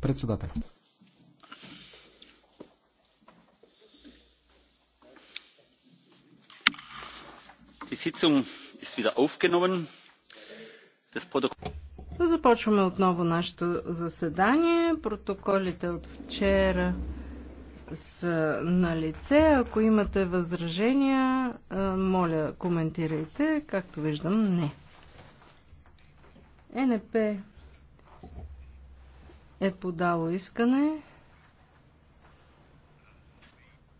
Председател. Започваме отново нашето заседание. Протоколите от вчера са на лице. Ако имате възражения, моля, коментирайте. Както виждам, не. Е, НП е подало искане